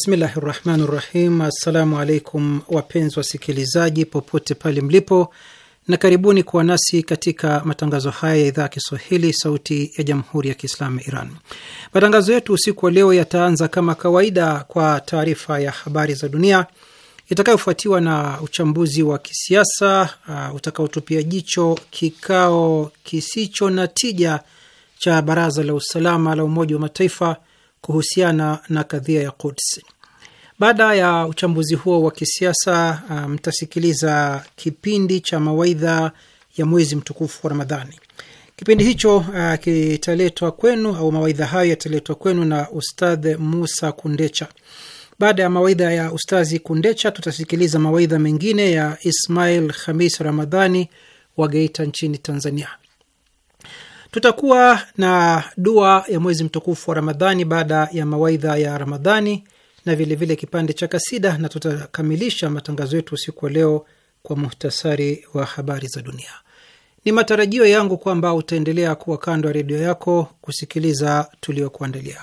Bismillahi rahmani rahim. Assalamu alaikum wapenzi wasikilizaji popote pale mlipo, na karibuni kuwa nasi katika matangazo haya ya idhaa ya Kiswahili sauti ya jamhuri ya Kiislamu ya Iran. Matangazo yetu usiku wa leo yataanza kama kawaida kwa taarifa ya habari za dunia itakayofuatiwa na uchambuzi wa kisiasa uh, utakaotupia jicho kikao kisicho na tija cha baraza la usalama la Umoja wa Mataifa kuhusiana na kadhia ya Quds. Baada ya uchambuzi huo wa kisiasa, um, mtasikiliza um, kipindi cha mawaidha ya mwezi mtukufu wa Ramadhani. Kipindi hicho uh, kitaletwa kwenu au mawaidha hayo yataletwa kwenu na Ustadh Musa Kundecha. Baada ya mawaidha ya Ustazi Kundecha, tutasikiliza mawaidha mengine ya Ismail Khamis Ramadhani wa Geita nchini Tanzania. Tutakuwa na dua ya mwezi mtukufu wa Ramadhani baada ya mawaidha ya Ramadhani na vilevile vile kipande cha kasida, na tutakamilisha matangazo yetu usiku wa leo kwa muhtasari wa habari za dunia. Ni matarajio yangu kwamba utaendelea kuwa kando ya redio yako kusikiliza tuliokuandalia.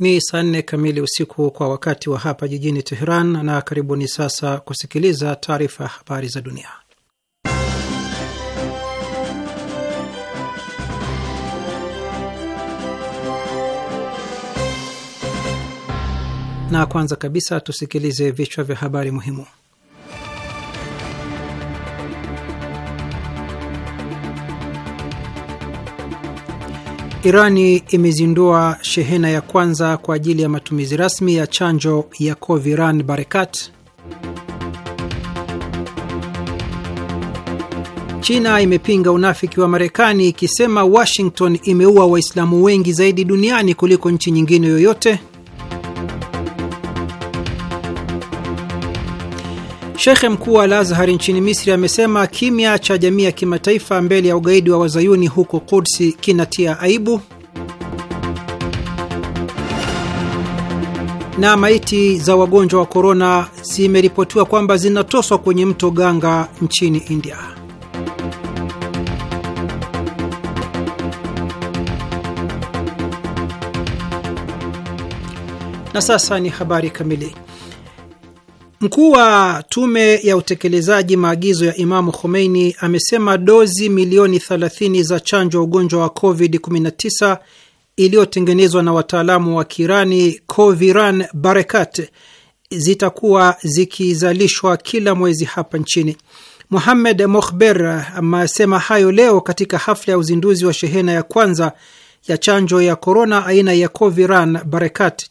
Ni saa nne kamili usiku kwa wakati wa hapa jijini Teheran, na karibuni sasa kusikiliza taarifa ya habari za dunia. Na kwanza kabisa tusikilize vichwa vya habari muhimu. Irani imezindua shehena ya kwanza kwa ajili ya matumizi rasmi ya chanjo ya Coviran barekat China imepinga unafiki wa Marekani ikisema Washington imeua Waislamu wengi zaidi duniani kuliko nchi nyingine yoyote. Shekhe mkuu wa Al-Azhar nchini Misri amesema kimya cha jamii ya kimataifa mbele ya ugaidi wa wazayuni huko Kudsi kinatia aibu. Na maiti za wagonjwa wa korona zimeripotiwa kwamba zinatoswa kwenye mto Ganga nchini India. Na sasa ni habari kamili. Mkuu wa tume ya utekelezaji maagizo ya Imamu Khomeini amesema dozi milioni 30 za chanjo ya ugonjwa wa COVID-19 iliyotengenezwa na wataalamu wa Kirani Coviran Barekat zitakuwa zikizalishwa kila mwezi hapa nchini. Muhamed mohber amesema hayo leo katika hafla ya uzinduzi wa shehena ya kwanza ya chanjo ya korona aina ya Coviran Barekat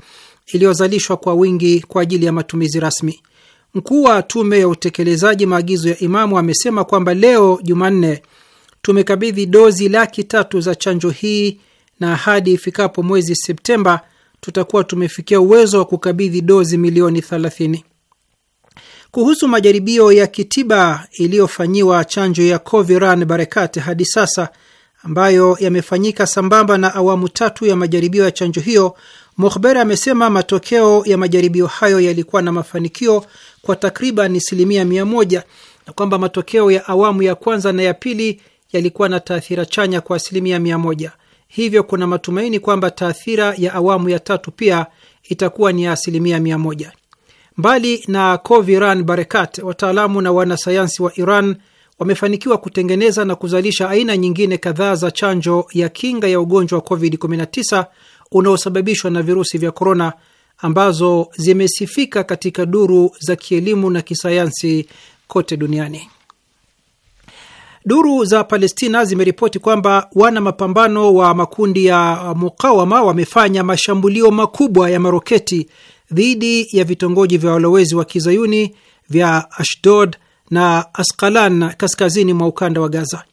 iliyozalishwa kwa wingi kwa ajili ya matumizi rasmi. Mkuu wa tume ya utekelezaji maagizo ya Imamu amesema kwamba leo Jumanne tumekabidhi dozi laki tatu za chanjo hii na hadi ifikapo mwezi Septemba tutakuwa tumefikia uwezo wa kukabidhi dozi milioni 30. Kuhusu majaribio ya kitiba iliyofanyiwa chanjo ya Coviran Barekat, hadi sasa ambayo yamefanyika sambamba na awamu tatu ya majaribio ya chanjo hiyo, mohber amesema matokeo ya majaribio hayo yalikuwa na mafanikio kwa takriban asilimia mia moja na kwamba matokeo ya awamu ya kwanza na ya pili yalikuwa na taathira chanya kwa asilimia mia moja. Hivyo kuna matumaini kwamba taathira ya awamu ya tatu pia itakuwa ni ya asilimia mia moja. Mbali na Coviran Barekat, wataalamu na wanasayansi wa Iran wamefanikiwa kutengeneza na kuzalisha aina nyingine kadhaa za chanjo ya kinga ya ugonjwa wa COVID-19 unaosababishwa na virusi vya korona ambazo zimesifika katika duru za kielimu na kisayansi kote duniani. Duru za Palestina zimeripoti kwamba wana mapambano wa makundi ya mukawama wamefanya mashambulio makubwa ya maroketi dhidi ya vitongoji vya walowezi wa kizayuni vya Ashdod, na Askalan kaskazini mwa ukanda wa Gaza.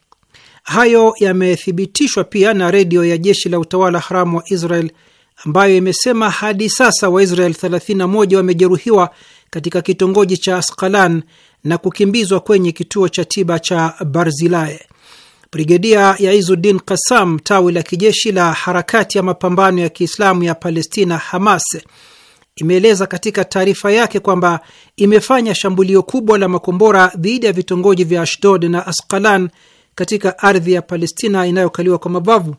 Hayo yamethibitishwa pia na redio ya jeshi la utawala haramu wa Israel ambayo imesema hadi sasa Waisrael 31 wamejeruhiwa katika kitongoji cha Askalan na kukimbizwa kwenye kituo cha tiba cha Barzilae. Brigedia ya Izuddin Kassam, tawi la kijeshi la harakati ya mapambano ya Kiislamu ya Palestina, Hamas, imeeleza katika taarifa yake kwamba imefanya shambulio kubwa la makombora dhidi ya vitongoji vya Ashdod na Askalan katika ardhi ya Palestina inayokaliwa kwa mabavu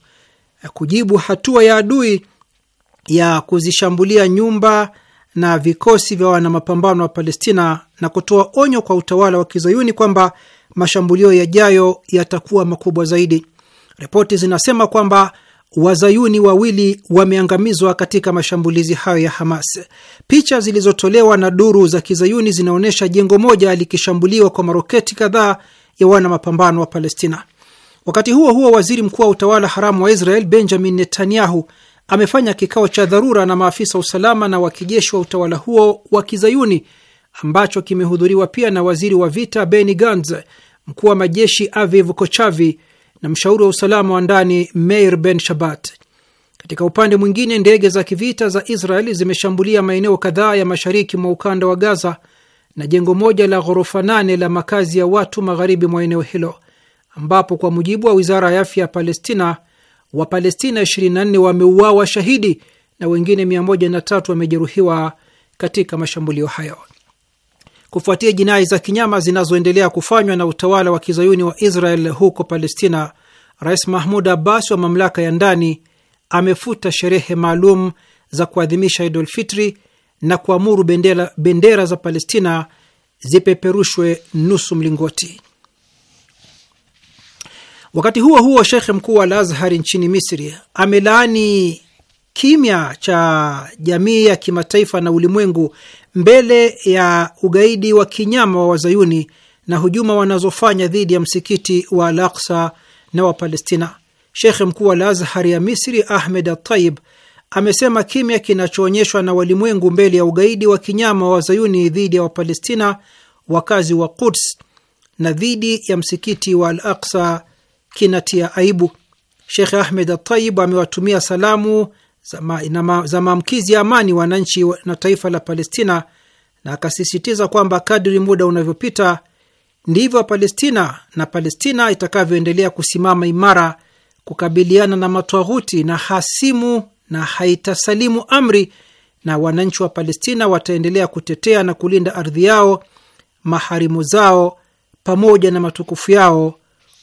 kujibu hatua ya adui ya kuzishambulia nyumba na vikosi vya wanamapambano wa Palestina na kutoa onyo kwa utawala wa kizayuni kwamba mashambulio yajayo yatakuwa makubwa zaidi. Ripoti zinasema kwamba Wazayuni wawili wameangamizwa katika mashambulizi hayo ya Hamas. Picha zilizotolewa na duru za kizayuni zinaonyesha jengo moja likishambuliwa kwa maroketi kadhaa ya wana mapambano wa Palestina. Wakati huo huo, waziri mkuu wa utawala haramu wa Israel Benjamin Netanyahu amefanya kikao cha dharura na maafisa wa usalama na wa kijeshi wa utawala huo wa kizayuni ambacho kimehudhuriwa pia na waziri wa vita Benny Gantz, mkuu wa majeshi Aviv Kochavi na mshauri wa usalama wa ndani Meir Ben Shabat. Katika upande mwingine, ndege za kivita za Israel zimeshambulia maeneo kadhaa ya mashariki mwa ukanda wa Gaza na jengo moja la ghorofa nane la makazi ya watu magharibi mwa eneo hilo, ambapo kwa mujibu wa wizara ya afya ya Palestina, Wapalestina 24 wameuawa shahidi na wengine 103 wamejeruhiwa katika mashambulio hayo kufuatia jinai za kinyama zinazoendelea kufanywa na utawala wa kizayuni wa Israel huko Palestina, Rais Mahmud Abbas wa mamlaka ya ndani amefuta sherehe maalum za kuadhimisha Idul Fitri na kuamuru bendera, bendera za Palestina zipeperushwe nusu mlingoti. Wakati huo huo, shekhe mkuu wa al nchini Misri amelaani kimya cha jamii ya kimataifa na ulimwengu mbele ya ugaidi wa kinyama wa wazayuni na hujuma wanazofanya dhidi ya msikiti wa Al Aksa na Wapalestina. Shekhe mkuu wa Al-Azhar ya Misri Ahmed Atayib amesema kimya kinachoonyeshwa na walimwengu mbele ya ugaidi wa kinyama wa wazayuni dhidi ya Wapalestina wakazi wa Quds na dhidi ya msikiti wa Al Aksa kinatia aibu. Shekhe Ahmed Atayib amewatumia salamu za maamkizi ya amani wananchi na taifa la Palestina, na akasisitiza kwamba kadri muda unavyopita ndivyo Palestina na Palestina itakavyoendelea kusimama imara kukabiliana na matwaghuti na hasimu na haitasalimu amri, na wananchi wa Palestina wataendelea kutetea na kulinda ardhi yao, maharimu zao, pamoja na matukufu yao,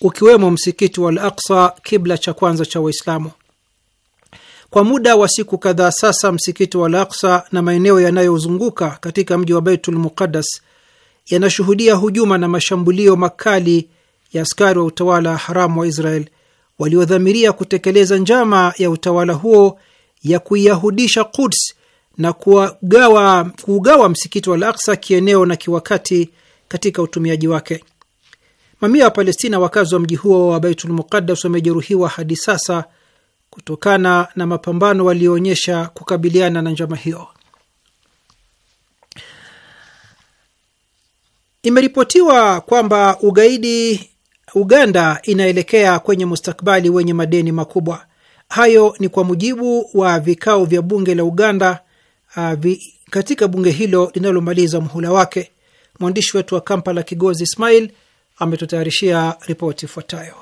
ukiwemo msikiti wa Al-Aqsa, kibla cha kwanza cha Waislamu. Kwa muda wa siku kadhaa sasa, msikiti wa Al-Aqsa na maeneo yanayozunguka katika mji wa Baitul Muqaddas yanashuhudia hujuma na mashambulio makali ya askari wa utawala haramu wa Israel waliodhamiria kutekeleza njama ya utawala huo ya kuiyahudisha Quds na kuugawa msikiti wa Al-Aqsa kieneo na kiwakati katika utumiaji wake. Mamia wa Palestina, wakazi wa mji huo wa Baitul Muqaddas, wamejeruhiwa hadi sasa kutokana na mapambano walioonyesha kukabiliana na njama hiyo. Imeripotiwa kwamba ugaidi Uganda inaelekea kwenye mustakabali wenye madeni makubwa. Hayo ni kwa mujibu wa vikao vya bunge la Uganda uh, vi, katika bunge hilo linalomaliza muhula wake. Mwandishi wetu wa Kampala, Kigozi Ismail, ametutayarishia ripoti ifuatayo.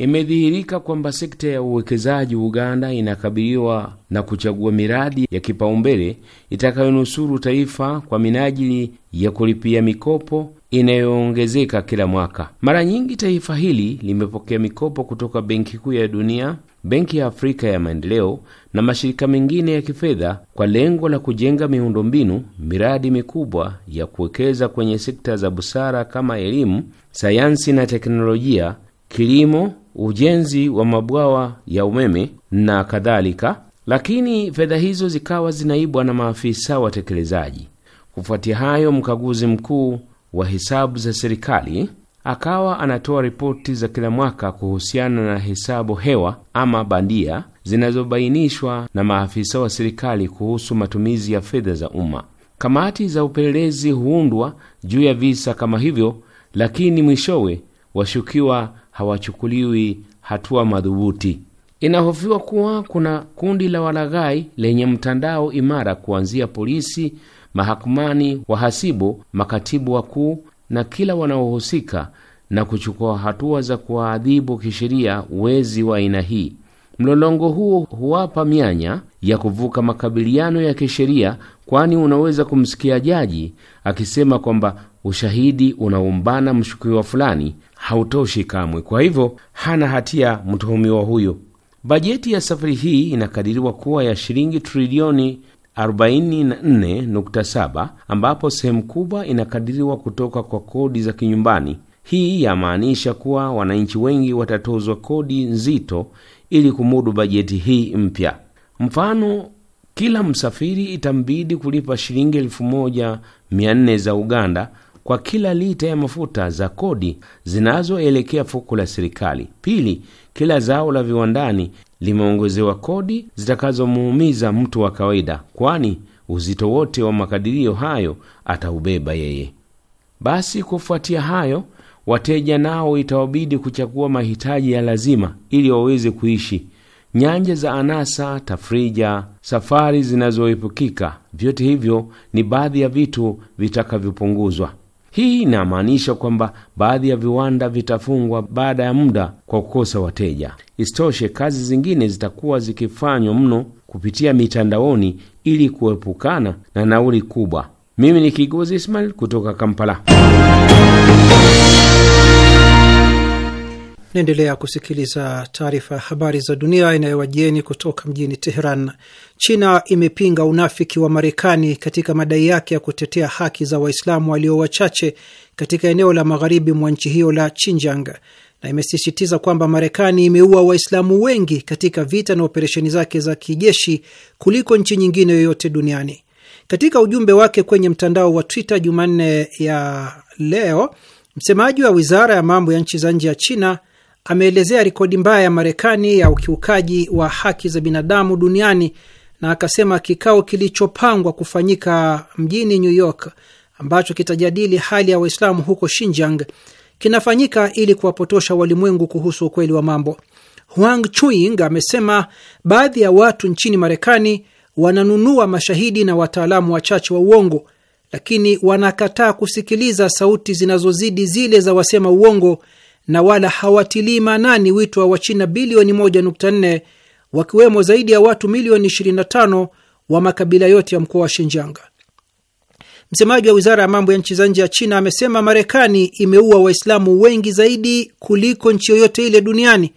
Imedhihirika kwamba sekta ya uwekezaji Uganda inakabiliwa na kuchagua miradi ya kipaumbele itakayonusuru taifa kwa minajili ya kulipia mikopo inayoongezeka kila mwaka. Mara nyingi taifa hili limepokea mikopo kutoka Benki Kuu ya Dunia, Benki ya Afrika ya Maendeleo na mashirika mengine ya kifedha kwa lengo la kujenga miundombinu, miradi mikubwa ya kuwekeza kwenye sekta za busara kama elimu, sayansi na teknolojia kilimo, ujenzi wa mabwawa ya umeme na kadhalika, lakini fedha hizo zikawa zinaibwa na maafisa watekelezaji. Kufuatia hayo, mkaguzi mkuu wa hesabu za serikali akawa anatoa ripoti za kila mwaka kuhusiana na hesabu hewa ama bandia zinazobainishwa na maafisa wa serikali kuhusu matumizi ya fedha za umma. Kamati za upelelezi huundwa juu ya visa kama hivyo, lakini mwishowe washukiwa hawachukuliwi hatua madhubuti. Inahofiwa kuwa kuna kundi la walaghai lenye mtandao imara kuanzia polisi, mahakamani, wahasibu, makatibu wakuu na kila wanaohusika na kuchukua hatua za kuwaadhibu kisheria wezi wa aina hii. Mlolongo huo huwapa mianya ya kuvuka makabiliano ya kisheria, kwani unaweza kumsikia jaji akisema kwamba ushahidi unaumbana mshukiwa fulani hautoshi kamwe. Kwa hivyo hana hatia mtuhumiwa huyo. Bajeti ya safari hii inakadiriwa kuwa ya shilingi trilioni 44.7 ambapo sehemu kubwa inakadiriwa kutoka kwa kodi za kinyumbani. Hii yamaanisha kuwa wananchi wengi watatozwa kodi nzito ili kumudu bajeti hii mpya. Mfano, kila msafiri itambidi kulipa shilingi elfu za Uganda kwa kila lita ya mafuta za kodi zinazoelekea fuko la serikali. Pili, kila zao la viwandani limeongezewa kodi zitakazomuumiza mtu wa kawaida, kwani uzito wote wa makadirio hayo ataubeba yeye. Basi kufuatia hayo, wateja nao itawabidi kuchagua mahitaji ya lazima ili waweze kuishi. Nyanja za anasa, tafrija, safari zinazoepukika, vyote hivyo ni baadhi ya vitu vitakavyopunguzwa. Hii inamaanisha kwamba baadhi ya viwanda vitafungwa baada ya muda kwa kukosa wateja. Isitoshe, kazi zingine zitakuwa zikifanywa mno kupitia mitandaoni ili kuepukana na nauli kubwa. Mimi ni Kigozi Ismail kutoka Kampala. Naendelea kusikiliza taarifa ya habari za dunia inayowajieni kutoka mjini Teheran. China imepinga unafiki wa Marekani katika madai yake ya kutetea haki za Waislamu walio wachache katika eneo la magharibi mwa nchi hiyo la Xinjiang na imesisitiza kwamba Marekani imeua Waislamu wengi katika vita na operesheni zake za kijeshi kuliko nchi nyingine yoyote duniani. Katika ujumbe wake kwenye mtandao wa Twitter Jumanne ya leo, msemaji wa wizara ya mambo ya nchi za nje ya China ameelezea rekodi mbaya ya Marekani ya ukiukaji wa haki za binadamu duniani na akasema kikao kilichopangwa kufanyika mjini New York ambacho kitajadili hali ya Waislamu huko Xinjiang kinafanyika ili kuwapotosha walimwengu kuhusu ukweli wa mambo. Huang chuing amesema baadhi ya watu nchini Marekani wananunua mashahidi na wataalamu wachache wa uongo, lakini wanakataa kusikiliza sauti zinazozidi zile za wasema uongo na wala hawatilii maanani wito wa Wachina bilioni 1.4 wakiwemo zaidi ya watu milioni 25 wa makabila yote ya mkoa wa Shinjanga. Msemaji wa wizara ya mambo ya nchi za nje ya China amesema Marekani imeua Waislamu wengi zaidi kuliko nchi yoyote ile duniani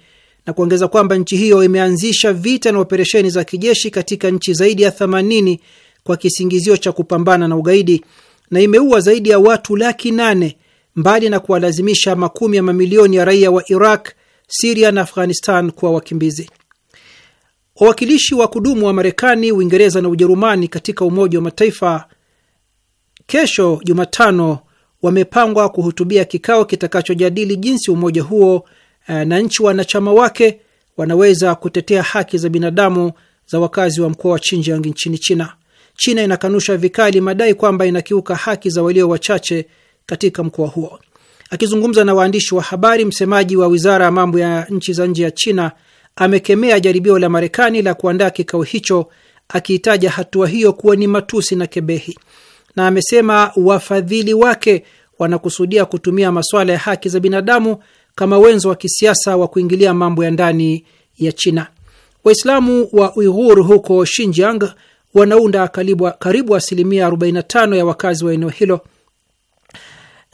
na kuongeza kwamba nchi hiyo imeanzisha vita na operesheni za kijeshi katika nchi zaidi ya 80 kwa kisingizio cha kupambana na ugaidi na imeua zaidi ya watu laki nane mbali na kuwalazimisha makumi ya mamilioni ya raia wa Iraq, Siria na Afghanistan kuwa wakimbizi. Wawakilishi wa kudumu wa Marekani, Uingereza na Ujerumani katika Umoja wa Mataifa kesho Jumatano wamepangwa kuhutubia kikao kitakachojadili jinsi umoja huo eh, na nchi wanachama wake wanaweza kutetea haki za binadamu za wakazi wa mkoa wa Xinjiang nchini China. China inakanusha vikali madai kwamba inakiuka haki za walio wachache katika mkoa huo. Akizungumza na waandishi wa habari, msemaji wa wizara ya mambo ya nchi za nje ya China amekemea jaribio la Marekani la kuandaa kikao hicho, akiitaja hatua hiyo kuwa ni matusi na kebehi, na amesema wafadhili wake wanakusudia kutumia masuala ya haki za binadamu kama wenzo wa kisiasa wa kuingilia mambo ya ndani ya China. Waislamu wa Uighur huko Xinjiang wanaunda karibu asilimia 45 ya wakazi wa eneo hilo.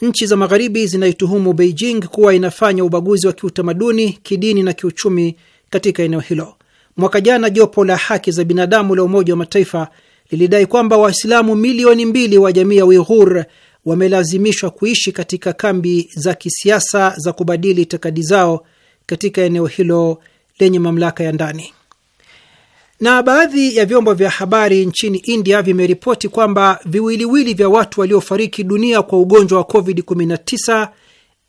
Nchi za Magharibi zinaituhumu Beijing kuwa inafanya ubaguzi wa kiutamaduni, kidini na kiuchumi katika eneo hilo. Mwaka jana jopo la haki za binadamu la Umoja wa Mataifa lilidai kwamba Waislamu milioni mbili wa jamii ya Uighur wamelazimishwa kuishi katika kambi za kisiasa za kubadili itikadi zao katika eneo hilo lenye mamlaka ya ndani. Na baadhi ya vyombo vya habari nchini India vimeripoti kwamba viwiliwili vya watu waliofariki dunia kwa ugonjwa wa COVID-19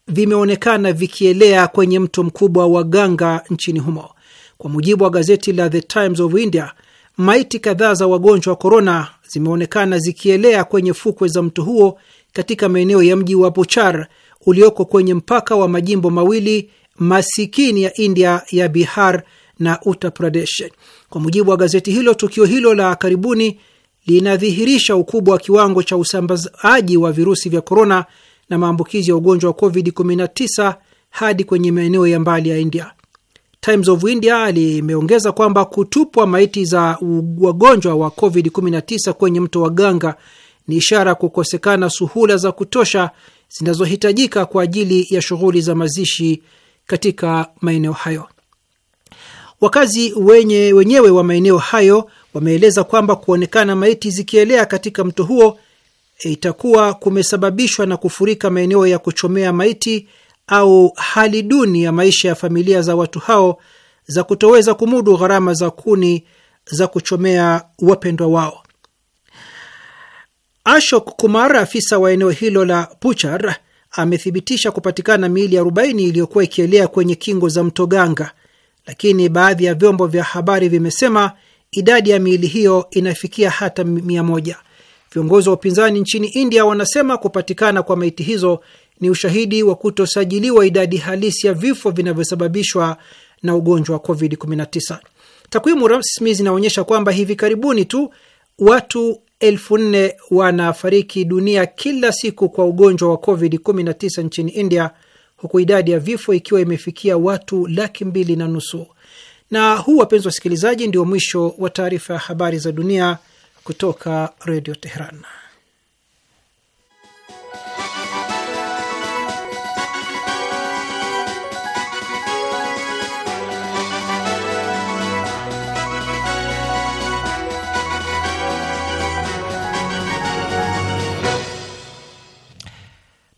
vimeonekana vikielea kwenye mto mkubwa wa Ganga nchini humo. Kwa mujibu wa gazeti la The Times of India, maiti kadhaa za wagonjwa wa korona zimeonekana zikielea kwenye fukwe za mto huo katika maeneo ya mji wa Puchar ulioko kwenye mpaka wa majimbo mawili masikini ya India ya Bihar na Uttar Pradesh. Kwa mujibu wa gazeti hilo, tukio hilo la karibuni linadhihirisha ukubwa wa kiwango cha usambazaji wa virusi vya korona na maambukizi ya ugonjwa wa COVID-19 hadi kwenye maeneo ya mbali ya India. Times of India limeongeza kwamba kutupwa maiti za wagonjwa wa COVID-19 kwenye mto wa Ganga ni ishara ya kukosekana suhula za kutosha zinazohitajika kwa ajili ya shughuli za mazishi katika maeneo hayo. Wakazi wenye, wenyewe wa maeneo hayo wameeleza kwamba kuonekana maiti zikielea katika mto huo e, itakuwa kumesababishwa na kufurika maeneo ya kuchomea maiti au hali duni ya maisha ya familia za watu hao za kutoweza kumudu gharama za kuni za kuchomea wapendwa wao. Ashok Kumar, afisa wa eneo hilo la Puchar, amethibitisha kupatikana miili 40 iliyokuwa ikielea kwenye kingo za mto Ganga lakini baadhi ya vyombo vya habari vimesema idadi ya miili hiyo inafikia hata mia moja. Viongozi wa upinzani nchini India wanasema kupatikana kwa maiti hizo ni ushahidi wa kutosajiliwa idadi halisi ya vifo vinavyosababishwa na ugonjwa wa COVID-19. Takwimu rasmi zinaonyesha kwamba hivi karibuni tu watu elfu nne wanafariki dunia kila siku kwa ugonjwa wa COVID-19 nchini India, huku idadi ya vifo ikiwa imefikia watu laki mbili na nusu. Na huu, wapenzi wasikilizaji, ndio mwisho wa taarifa ya habari za dunia kutoka Redio Teheran.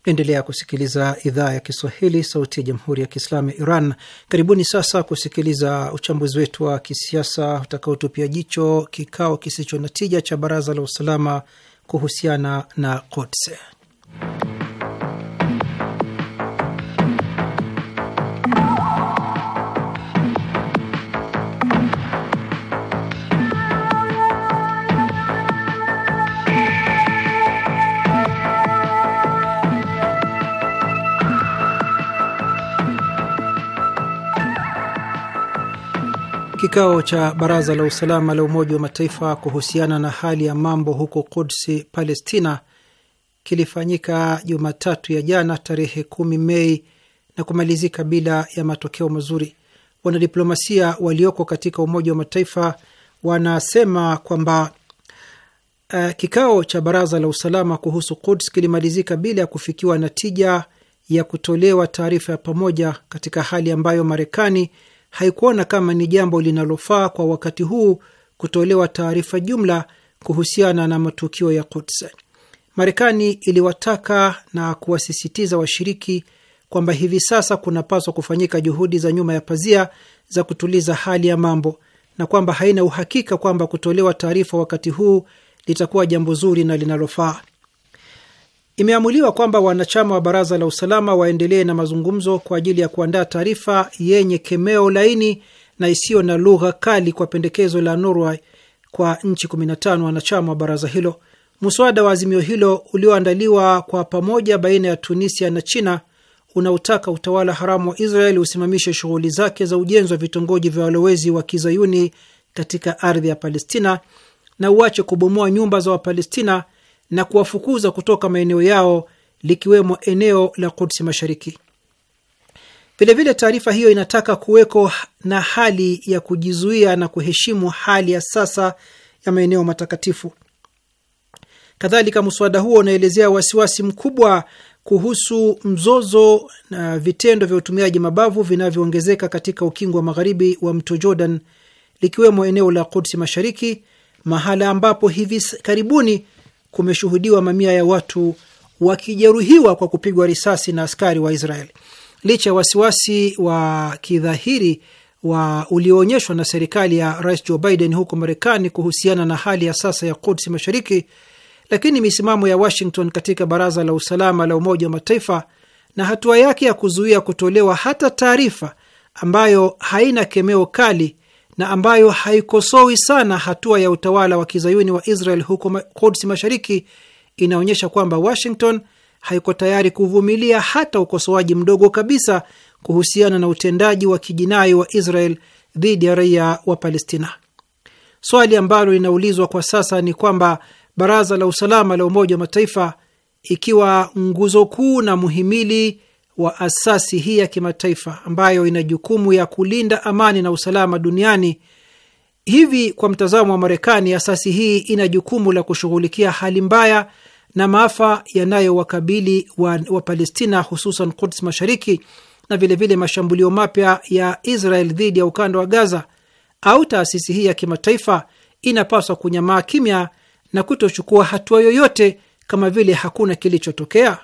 Naendelea kusikiliza idhaa ya Kiswahili, sauti ya jamhuri ya kiislamu ya Iran. Karibuni sasa kusikiliza uchambuzi wetu wa kisiasa utakaotupia jicho kikao kisicho na tija cha baraza la usalama kuhusiana na Kotse. Kikao cha Baraza la Usalama la Umoja wa Mataifa kuhusiana na hali ya mambo huko Kudsi, Palestina, kilifanyika Jumatatu ya jana tarehe kumi Mei na kumalizika bila ya matokeo mazuri. Wanadiplomasia walioko katika Umoja wa Mataifa wanasema kwamba uh, kikao cha Baraza la Usalama kuhusu Kuds kilimalizika bila ya kufikiwa na tija ya kutolewa taarifa ya pamoja katika hali ambayo Marekani haikuona kama ni jambo linalofaa kwa wakati huu kutolewa taarifa jumla kuhusiana na matukio ya Quds. Marekani iliwataka na kuwasisitiza washiriki kwamba hivi sasa kunapaswa kufanyika juhudi za nyuma ya pazia za kutuliza hali ya mambo na kwamba haina uhakika kwamba kutolewa taarifa wakati huu litakuwa jambo zuri na linalofaa. Imeamuliwa kwamba wanachama wa baraza la usalama waendelee na mazungumzo kwa ajili ya kuandaa taarifa yenye kemeo laini na isiyo na lugha kali kwa pendekezo la Norway kwa nchi 15 wanachama wa baraza hilo. mswada wa azimio hilo ulioandaliwa kwa pamoja baina ya Tunisia na China unaotaka utawala haramu wa Israeli usimamishe shughuli zake za ujenzi wa vitongoji vya walowezi wa kizayuni katika ardhi ya Palestina na uache kubomoa nyumba za Wapalestina na kuwafukuza kutoka maeneo yao likiwemo eneo la Kudsi Mashariki. Vilevile, taarifa hiyo inataka kuweko na hali ya kujizuia na kuheshimu hali ya sasa ya maeneo matakatifu. Kadhalika, mswada huo unaelezea wasiwasi mkubwa kuhusu mzozo na vitendo vya utumiaji mabavu vinavyoongezeka katika ukingo wa magharibi wa mto Jordan, likiwemo eneo la Kudsi Mashariki, mahala ambapo hivi karibuni kumeshuhudiwa mamia ya watu wakijeruhiwa kwa kupigwa risasi na askari wa Israel. Licha ya wasiwasi wa kidhahiri wa ulioonyeshwa na serikali ya Rais Joe Biden huko Marekani kuhusiana na hali ya sasa ya Kudsi Mashariki, lakini misimamo ya Washington katika Baraza la Usalama la Umoja wa Mataifa na hatua yake ya kuzuia kutolewa hata taarifa ambayo haina kemeo kali na ambayo haikosowi sana hatua ya utawala wa kizayuni wa Israel huko Kudsi Mashariki inaonyesha kwamba Washington haiko tayari kuvumilia hata ukosoaji mdogo kabisa kuhusiana na utendaji wa kijinai wa Israel dhidi ya raia wa Palestina. Swali ambalo linaulizwa kwa sasa ni kwamba Baraza la Usalama la Umoja wa Mataifa, ikiwa nguzo kuu na muhimili wa asasi hii ya kimataifa ambayo ina jukumu ya kulinda amani na usalama duniani. Hivi kwa mtazamo wa Marekani, asasi hii ina jukumu la kushughulikia hali mbaya na maafa yanayowakabili wa, wa Palestina hususan Quds Mashariki na vilevile vile mashambulio mapya ya Israel dhidi ya ukanda wa Gaza, au taasisi hii ya kimataifa inapaswa kunyamaa kimya na kutochukua hatua yoyote kama vile hakuna kilichotokea?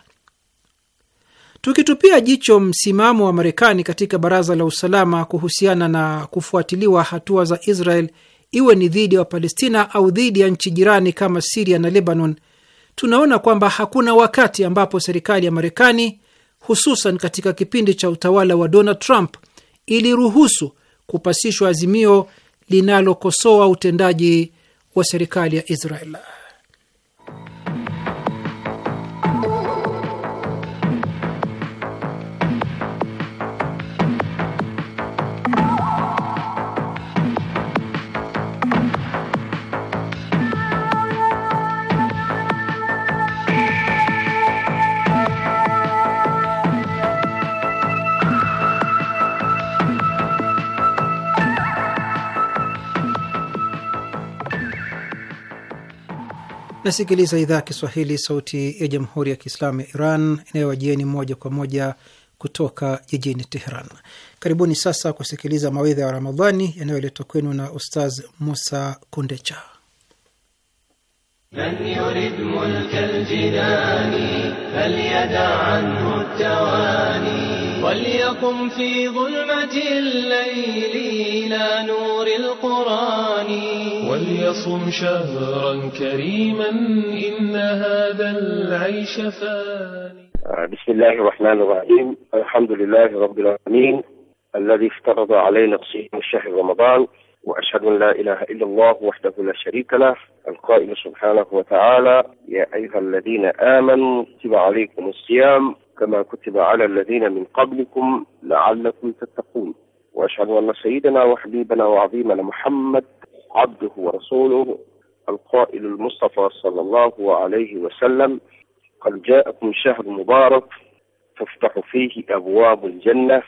Tukitupia jicho msimamo wa Marekani katika Baraza la Usalama kuhusiana na kufuatiliwa hatua za Israel, iwe ni dhidi ya Wapalestina au dhidi ya nchi jirani kama Siria na Lebanon, tunaona kwamba hakuna wakati ambapo serikali ya Marekani, hususan katika kipindi cha utawala wa Donald Trump, iliruhusu kupasishwa azimio linalokosoa utendaji wa serikali ya Israel. Nasikiliza idhaa ya Kiswahili, sauti ya jamhuri ya kiislamu ya Iran inayowajieni moja kwa moja kutoka jijini Teheran. Karibuni sasa kusikiliza mawedha ya Ramadhani yanayoletwa kwenu na Ustaz Musa Kundecha. Man وليقم في ظلمة الليل إلى نور القرآن وليصم شهرا كريما إن هذا العيش فاني آه، بسم الله الرحمن الرحيم الحمد لله رب العالمين الذي افترض علينا صيام الشهر رمضان وأشهد أن لا إله إلا الله وحده لا شريك له القائل سبحانه وتعالى يا أيها الذين آمنوا كتب عليكم الصيام كما كتب على الذين من قبلكم لعلكم تتقون وأشهد أن سيدنا وحبيبنا وعظيمنا محمد عبده ورسوله القائل المصطفى صلى الله عليه وسلم قد جاءكم شهر مبارك تفتح فيه أبواب الجنة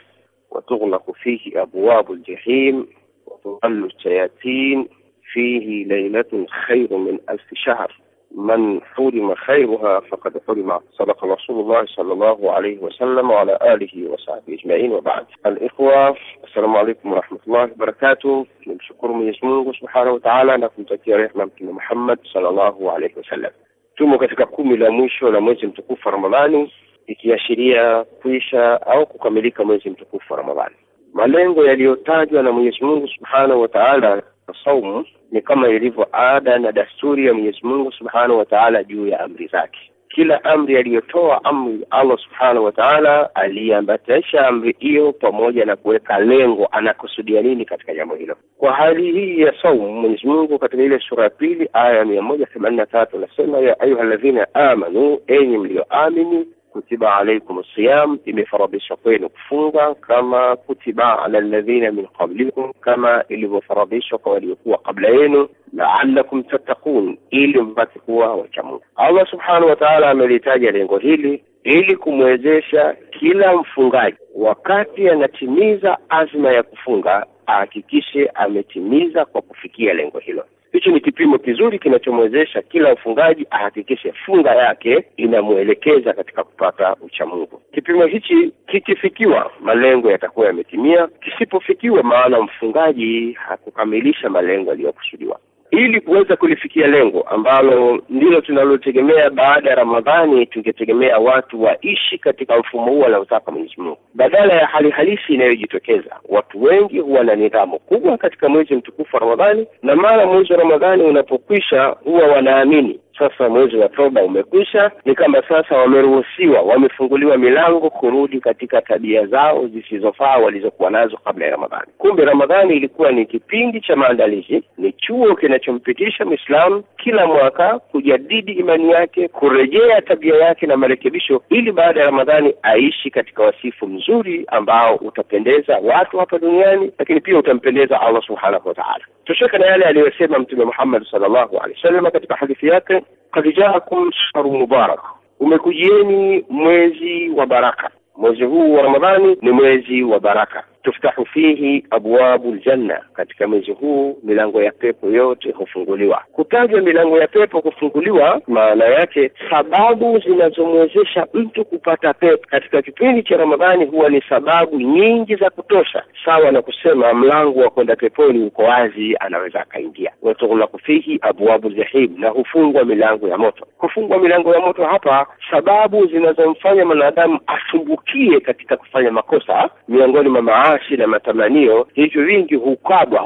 وتغلق فيه أبواب الجحيم وتظل الشياطين فيه ليلة خير من ألف شهر من حرم خيرها فقد حرم صدق رسول الله صلى الله عليه وسلم وعلى اله وصحبه اجمعين وبعد الاخوه السلام عليكم ورحمه الله وبركاته شكر من يسمونه سبحانه وتعالى لكم تكيير رحمه محمد صلى الله عليه وسلم ثم كتك كومي لا موشو لا موزم تكوف رمضان ikiashiria kuisha او kukamilika mwezi mtukufu رمضان ramadhani malengo yaliyotajwa na mwenyezi mungu سبحانه وتعالى Saumu oh. ni kama ilivyo ada na dasturi ya Mwenyezi Mungu Subhanahu wa Ta'ala juu ya amri zake. Kila amri aliyotoa amri Allah Subhanahu wa Ta'ala aliambatisha amri hiyo pamoja na kuweka lengo, anakusudia nini katika jambo hilo. Kwa hali hii ya saumu, Mwenyezi Mungu katika ile sura ya pili aya ya mia moja themanini na tatu anasema ya ayuha alladhina amanu, enyi mlioamini kutiba alaikum siyam, imefaradhishwa kwenu kufunga kama kutiba ala alladhina min qablikum, kama ilivyofaradhishwa kwa waliokuwa kabla yenu, laalakum tattaqun, ili mpate kuwa wachamungu. Allah subhanahu wa ta'ala amelitaja lengo hili ili kumwezesha kila mfungaji wakati anatimiza azma ya kufunga ahakikishe ametimiza kwa kufikia lengo hilo. Hichi ni kipimo kizuri kinachomwezesha kila mfungaji ahakikishe funga yake inamwelekeza katika kupata uchamungu. Kipimo hichi kikifikiwa, malengo yatakuwa yametimia; kisipofikiwa, maana mfungaji hakukamilisha malengo yaliyokusudiwa ili kuweza kulifikia lengo ambalo ndilo tunalotegemea baada ya Ramadhani. Tungetegemea watu waishi katika mfumo huu anaotaka Mwenyezi Mungu, badala ya hali halisi inayojitokeza. Watu wengi huwa na nidhamu kubwa katika mwezi mtukufu wa Ramadhani, na mara mwezi wa Ramadhani unapokwisha huwa wanaamini sasa mwezi wa toba umekwisha, ni kama sasa wameruhusiwa, wamefunguliwa milango kurudi katika tabia zao zisizofaa walizokuwa nazo kabla ya Ramadhani. Kumbe Ramadhani ilikuwa ni kipindi cha maandalizi, ni chuo kinachompitisha Mwislamu kila mwaka kujadidi imani yake, kurejea tabia yake na marekebisho, ili baada ya Ramadhani aishi katika wasifu mzuri ambao utapendeza watu hapa duniani, lakini pia utampendeza Allah subhanahu wa ta'ala. Tutosheka na yale aliyosema Mtume Muhammad sallallahu alaihi wasallam katika hadithi yake, qad jaakum shahru mubarak, umekujieni mwezi wa baraka. Mwezi huu wa Ramadhani ni mwezi wa baraka tuftahu fihi abwabu ljanna, katika mwezi huu milango ya pepo yote hufunguliwa. Kutajwa milango ya pepo kufunguliwa, maana yake sababu zinazomwezesha mtu kupata pepo katika kipindi cha Ramadhani huwa ni sababu nyingi za kutosha, sawa na kusema mlango wa kwenda peponi uko wazi, anaweza akaingia. Watughlaqu fihi abwabu ljahim na hufungwa milango ya moto. Kufungwa milango ya moto hapa, sababu zinazomfanya mwanadamu asumbukie katika kufanya makosa miongoni mwa maasi na matamanio, hivyo vingi hukabwa,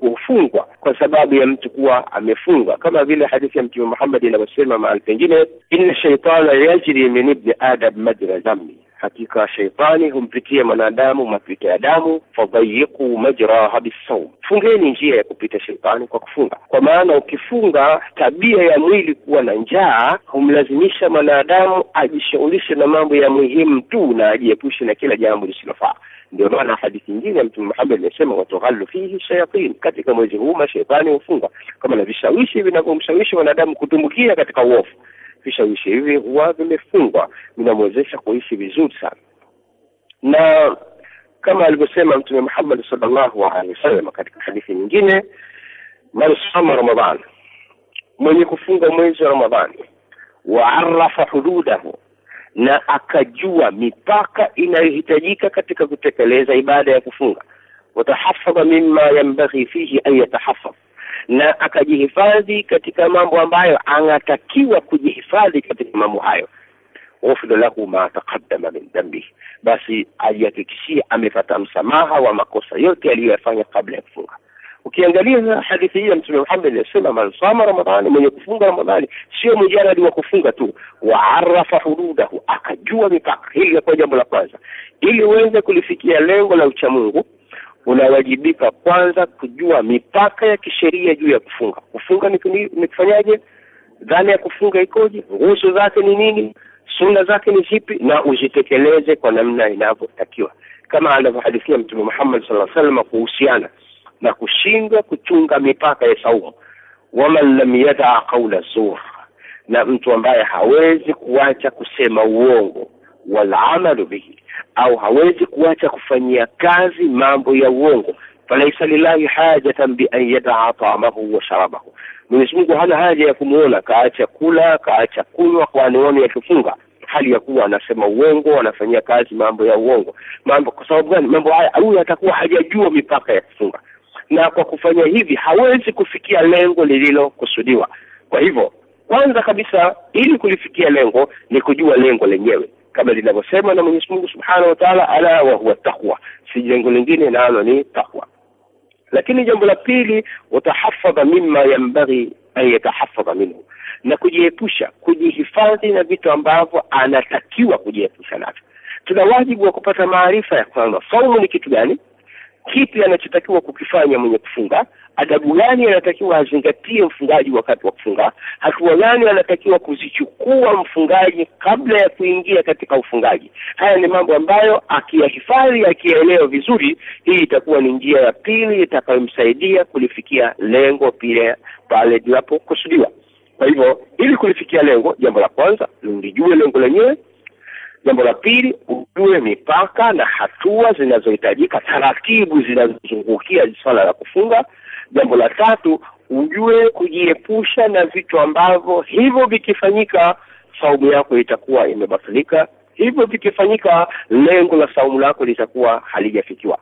hufungwa kwa sababu ya mtu kuwa amefungwa, kama vile hadithi ya Mtume Muhammad inavyosema mahali pengine, inna shaitana yajri min ibni adam majra dami Hakika shaitani humpitia mwanadamu mapito ya damu. fadhayiku majraha bisawm, fungeni njia ya kupita shaitani kwa kufunga, kwa maana ukifunga, tabia ya mwili kuwa na njaa humlazimisha mwanadamu ajishughulishe na mambo ya muhimu tu na ajiepushe na kila jambo lisilofaa. Ndio maana hadithi nyingine ya Mtume Muhammad imesema watughallu fihi shayatin, katika mwezi huu mashaitani hufungwa, kama na vishawishi vinavyomshawishi wanadamu kutumbukia katika uovu. Vishawishi hivi huwa vimefungwa, vinamwezesha kuishi vizuri sana na kama alivyosema Mtume Muhammad sallallahu alaihi wasallam katika hadithi nyingine, man sama Ramadhan, mwenye kufunga mwezi wa Ramadhani wa arafa hududahu na akajua mipaka inayohitajika katika kutekeleza ibada ya kufunga watahafadha mimma yambaghi fihi an yatahafadh na akajihifadhi katika mambo ambayo anatakiwa kujihifadhi katika mambo hayo ghufira lahu ma taqaddama min dhanbihi basi alihakikishia amepata msamaha wa makosa yote aliyoyafanya kabla ya kufunga Ukiangalia hadithi hii ya Mtume Muhammad alisema, man sama Ramadhani, mwenye kufunga Ramadhani, sio mujaradi wa kufunga tu, waarafa hududahu, akajua mipaka. Hili lilikuwa jambo la kwanza. Ili uweze kulifikia lengo la uchamungu, unawajibika kwanza kujua mipaka ya kisheria juu ya kufunga. Kufunga ni kufanyaje, dhana ya kufunga ikoje, nguzo zake ni nini, sunna zake ni zipi, na uzitekeleze kwa namna inavyotakiwa, kama anavyohadithia Mtume Muhammad sallallahu alaihi wasallam kuhusiana na kushindwa kuchunga mipaka ya saumu waman lam yadaa qaula zur na mtu ambaye hawezi kuacha kusema uongo walamalu bihi au hawezi kuacha kufanyia kazi mambo ya uongo falaisa lillahi hajatan bian yadaa taamahu wa sharabahu mwenyezi mungu hana haja ya kumwona kaacha kula kaacha kunywa kwa yakifunga hali ya kuwa anasema uongo anafanyia kazi mambo ya uongo mambo kwa sababu gani mambo haya huyu atakuwa hajajua mipaka ya kufunga na kwa kufanya hivi hawezi kufikia lengo lililokusudiwa. Kwa hivyo, kwanza kabisa, ili kulifikia lengo ni kujua lengo lenyewe kama linavyosema na Mwenyezi Mungu Subhanahu wa Ta'ala, ala wa huwa taqwa, si jengo lingine nalo ni taqwa. Lakini jambo la pili, watahafadha mimma yambaghi an yatahafadha minhu, na kujiepusha, kujihifadhi na vitu ambavyo anatakiwa kujiepusha navyo. Tuna wajibu wa kupata maarifa ya kwamba saumu ni kitu gani kipi anachotakiwa kukifanya mwenye kufunga, adabu gani anatakiwa azingatie mfungaji wakati wa kufunga, hatua gani anatakiwa kuzichukua mfungaji kabla ya kuingia katika ufungaji. Haya ni mambo ambayo akiyahifadhi, akiyaelewa vizuri, hii itakuwa ni njia ya pili itakayomsaidia kulifikia lengo pile pale linapokusudiwa. Kwa hivyo, ili kulifikia lengo, jambo la kwanza, ulijue lengo lenyewe Jambo la pili, ujue mipaka na hatua zinazohitajika, taratibu zinazozungukia swala la kufunga. Jambo la tatu, ujue kujiepusha na vitu ambavyo hivyo vikifanyika saumu yako itakuwa imebatilika, hivyo vikifanyika lengo la saumu lako litakuwa halijafikiwa,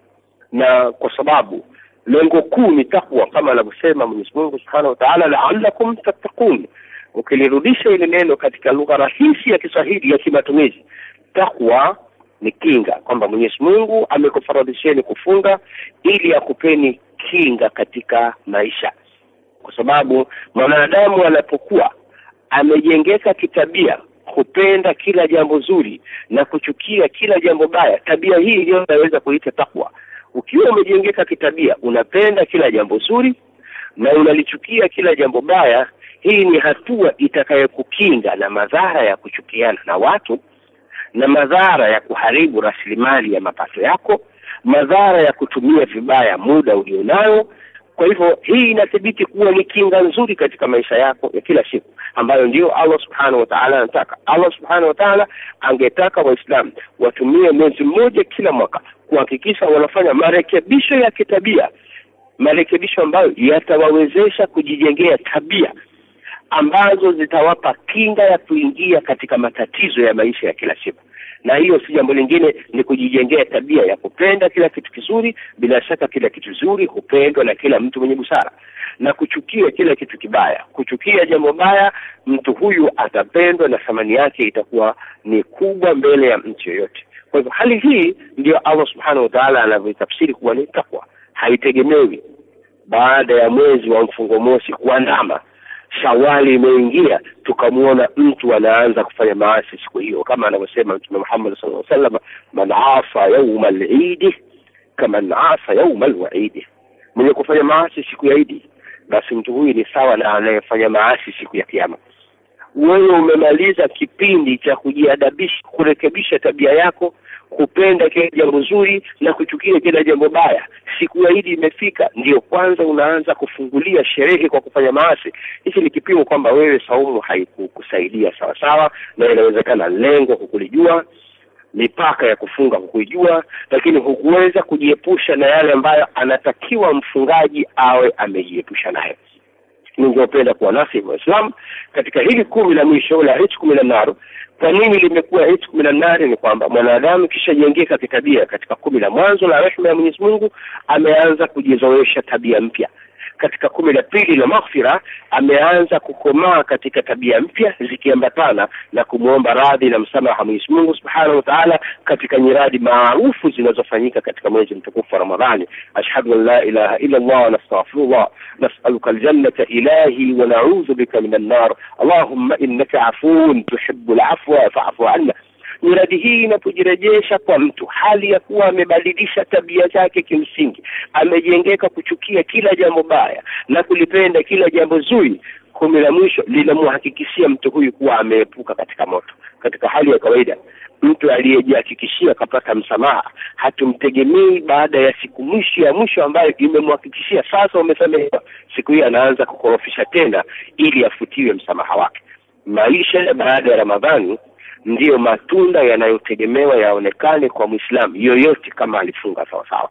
na kwa sababu lengo kuu ni takwa, kama anavyosema Mwenyezi Mungu Subhanahu wa Ta'ala, la'allakum tattaqun ukilirudisha ile neno katika lugha rahisi ya Kiswahili ya kimatumizi, takwa ni kinga, kwamba Mwenyezi Mungu amekufaradhisheni kufunga ili akupeni kinga katika maisha, kwa sababu mwanadamu anapokuwa amejengeka kitabia kupenda kila jambo zuri na kuchukia kila jambo baya. Tabia hii ndio inaweza kuita takwa. Ukiwa umejengeka kitabia, unapenda kila jambo zuri na unalichukia kila jambo baya, hii ni hatua itakayokukinga na madhara ya kuchukiana na watu na madhara ya kuharibu rasilimali ya mapato yako, madhara ya kutumia vibaya muda ulionayo Kwa hivyo hii inathibiti kuwa ni kinga nzuri katika maisha yako ya kila siku, ambayo ndiyo Allah subhanahu wa ta'ala anataka. Allah subhanahu wa ta'ala angetaka Waislamu watumie mwezi mmoja kila mwaka kuhakikisha wanafanya marekebisho ya kitabia, marekebisho ambayo yatawawezesha kujijengea tabia ambazo zitawapa kinga ya kuingia katika matatizo ya maisha ya kila siku na hiyo si jambo lingine, ni kujijengea tabia ya kupenda kila kitu kizuri. Bila shaka kila kitu kizuri hupendwa na kila mtu mwenye busara, na kuchukia kila kitu kibaya. Kuchukia jambo baya, mtu huyu atapendwa na thamani yake itakuwa ni kubwa mbele ya mtu yoyote. Kwa hivyo hali hii ndiyo Allah subhanahu wa ta'ala kuwa ni takwa, haitegemewi baada ya mwezi wa mfungo mosi kuandama Shawali imeingia tukamwona mtu anaanza kufanya maasi siku hiyo, kama anavyosema Mtume Muhammad sallallahu alaihi wasallam, man afa yauma al-eid kama yauma al mwenye kufanya maasi siku ya Idi, basi mtu huyu ni sawa na anayefanya maasi siku ya Kiyama. Wewe umemaliza kipindi cha kujiadabisha, kurekebisha tabia yako kupenda kile jambo zuri na kuchukia kila jambo baya. Siku ya Idi imefika, ndiyo kwanza unaanza kufungulia sherehe kwa kufanya maasi. hiki ni kipimo kwamba wewe saumu haikukusaidia sawa sawa, na inawezekana lengo hukulijua mipaka ya kufunga hukuijua, lakini hukuweza kujiepusha na yale ambayo anatakiwa mfungaji awe amejiepusha nayo. Ningependa kuwa nasi Waislamu katika hili kumi la mwisho la hichi kumi la naru kwa nini limekuwa kumi na nane ni kwamba mwanadamu kishajiingia katika tabia katika kumi la mwanzo la rehema ya Mwenyezi Mungu, ameanza kujizoesha tabia mpya katika kumi la pili la maghfira ameanza kukomaa katika tabia mpya zikiambatana na kumwomba radhi na msamaha Mwenyezi Mungu Subhanahu wa Ta'ala katika nyiradi maarufu zinazofanyika katika mwezi mtukufu wa Ramadhani ashhadu an la ilaha illa Allah wa nastaghfirullah nas'aluka aljannata ilahi wa na'udhu bika minan nar allahumma innaka afuwun tuhibbul afwa fa'fu anna miradi hii inapojirejesha kwa mtu hali ya kuwa amebadilisha tabia zake kimsingi, amejengeka kuchukia kila jambo baya na kulipenda kila jambo zuri, kumi la mwisho linamhakikishia mtu huyu kuwa ameepuka katika moto. Katika hali ya kawaida, mtu aliyejihakikishia kapata msamaha hatumtegemei baada ya siku mwisho ya mwisho ambayo imemhakikishia sasa umesamehewa, siku hii anaanza kukorofisha tena ili afutiwe msamaha wake. Maisha baada ya Ramadhani ndiyo matunda yanayotegemewa yaonekane kwa Muislamu yoyote kama alifunga sawa sawa.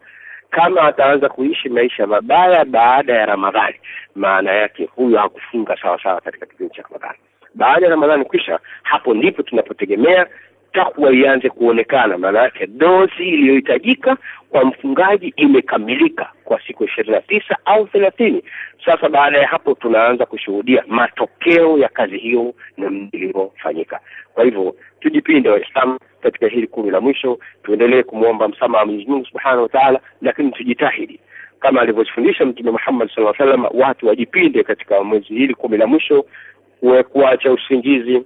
Kama ataanza kuishi maisha mabaya baada ya Ramadhani, maana yake huyo hakufunga sawa sawa katika kipindi cha Ramadhani. Baada ya Ramadhani kwisha, hapo ndipo tunapotegemea takwa ianze kuonekana. Maana yake dozi iliyohitajika kwa mfungaji imekamilika kwa siku ishirini na tisa au thelathini. Sasa baada ya hapo, tunaanza kushuhudia matokeo ya kazi hiyo na iliyofanyika. Kwa hivyo tujipinde Waislamu katika hili kumi la mwisho, tuendelee kumwomba msamaha Mwenyezi Mungu subhanahu wa taala, lakini tujitahidi kama alivyofundisha Mtume Muhammad sallallahu alaihi wasallam, watu wajipinde katika mwezi hili kumi la mwisho, kuacha usingizi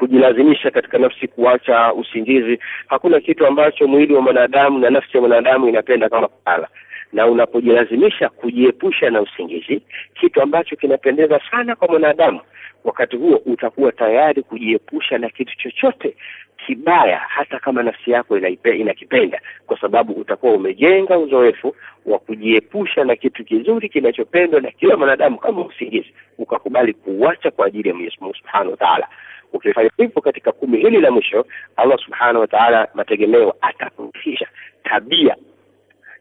kujilazimisha katika nafsi kuacha usingizi. Hakuna kitu ambacho mwili wa mwanadamu na nafsi ya mwanadamu inapenda kama kulala na unapojilazimisha kujiepusha na usingizi, kitu ambacho kinapendeza sana kwa mwanadamu, wakati huo utakuwa tayari kujiepusha na kitu chochote kibaya, hata kama nafsi yako inaipe, inakipenda, kwa sababu utakuwa umejenga uzoefu wa kujiepusha na kitu kizuri kinachopendwa na kila mwanadamu kama usingizi, ukakubali kuuacha kwa ajili ya Mwenyezi Mungu Subhanahu wa Ta'ala. Ukifanya hivyo katika kumi hili la mwisho, Allah subhanahu wa ta'ala mategemeo atakufisha tabia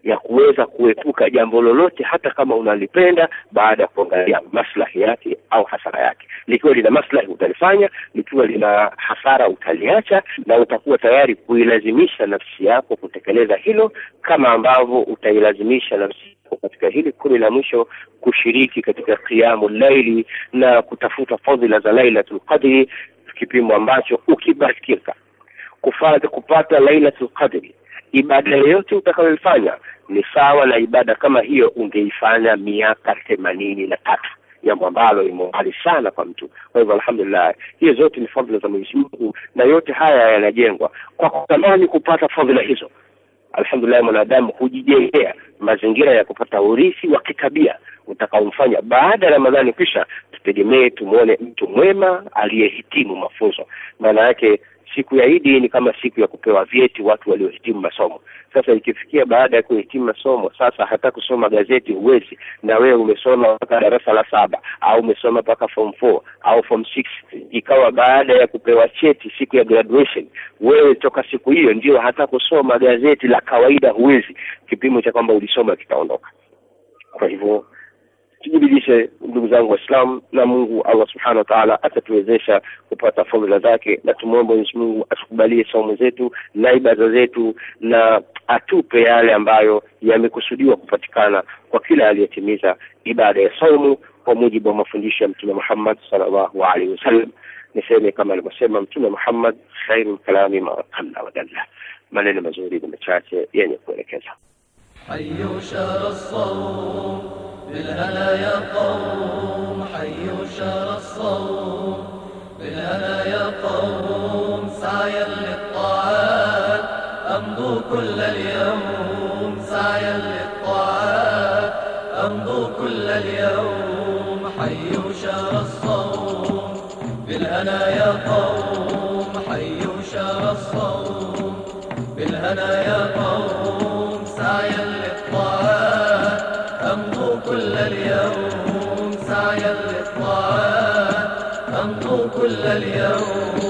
ya kuweza kuepuka jambo lolote hata kama unalipenda, baada ya kuangalia maslahi yake au hasara yake. Likiwa lina maslahi utalifanya, likiwa lina hasara utaliacha, na utakuwa tayari kuilazimisha nafsi yako kutekeleza hilo, kama ambavyo utailazimisha nafsi yako katika hili kumi la mwisho kushiriki katika kiamu laili na kutafuta fadhila za Lailatul Qadri kipimo ambacho ukibahatika kufanya kupata Lailatul Qadri, ibada yoyote utakayoifanya ni sawa na ibada kama hiyo ungeifanya miaka themanini na tatu jambo ambalo ni sana kwa mtu. Kwa hivyo alhamdulillah, hiyo zote ni fadhila za Mwenyezi Mungu, na yote haya yanajengwa kwa kutamani kupata fadhila hizo. Alhamdulillah, mwanadamu hujijengea mazingira ya kupata urithi wa kitabia utakaomfanya baada ya Ramadhani kisha tutegemee tumwone mtu mwema aliyehitimu mafunzo. Maana yake siku ya Idi ni kama siku ya kupewa vyeti watu waliohitimu masomo. Sasa ikifikia baada ya kuhitimu masomo, sasa hata kusoma gazeti huwezi, na wewe umesoma mpaka darasa la saba au umesoma mpaka form 4 au form 6, ikawa baada ya kupewa cheti siku ya graduation, wewe toka siku hiyo ndio hata kusoma gazeti la kawaida huwezi. Kipimo cha kwamba ulisoma kitaondoka. Kwa hivyo tujibidishe ndugu zangu Waislamu, na Mungu Allah subhanahu wa taala atatuwezesha kupata fadhila zake, na tumwombe Mwenyezi Mungu atukubalie saumu zetu na ibada zetu, na atupe yale ambayo yamekusudiwa kupatikana kwa kila aliyetimiza ibada ya saumu kwa mujibu wa mafundisho ya Mtume Muhammad sallallahu alaihi wasallam. Niseme kama alivyosema Mtume Muhammad, khairu lkalami ma qalla wa dalla, maneno mazuri na machache yenye kuelekeza. حيوا شهر الصوم بالهنا يا قوم حيوا شهر الصوم بالهنا يا قوم سعيا للطعام اليوم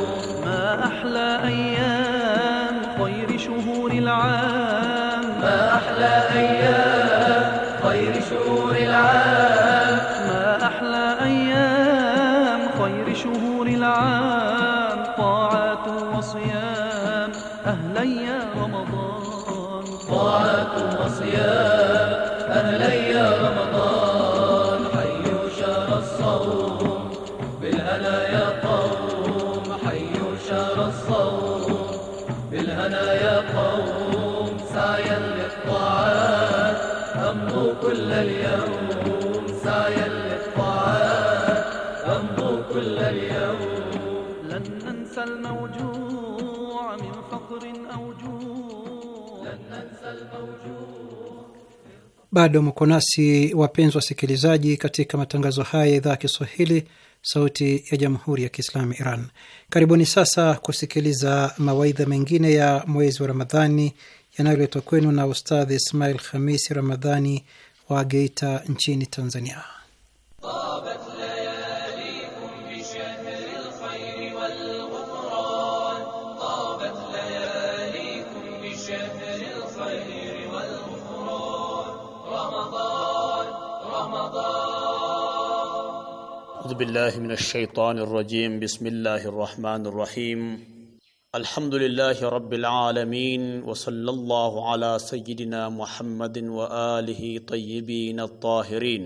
Bado mko nasi wapenzi wasikilizaji, katika matangazo haya ya idhaa ya Kiswahili, sauti ya jamhuri ya kiislamu Iran. Karibuni sasa kusikiliza mawaidha mengine ya mwezi wa Ramadhani yanayoletwa kwenu na Ustadhi Ismail Khamisi Ramadhani wa Geita nchini Tanzania. أعوذ بالله من الشيطان الرجيم بسم الله الرحمن الرحيم الحمد لله رب العالمين وصلى الله على سيدنا محمد وآله طيبين الطاهرين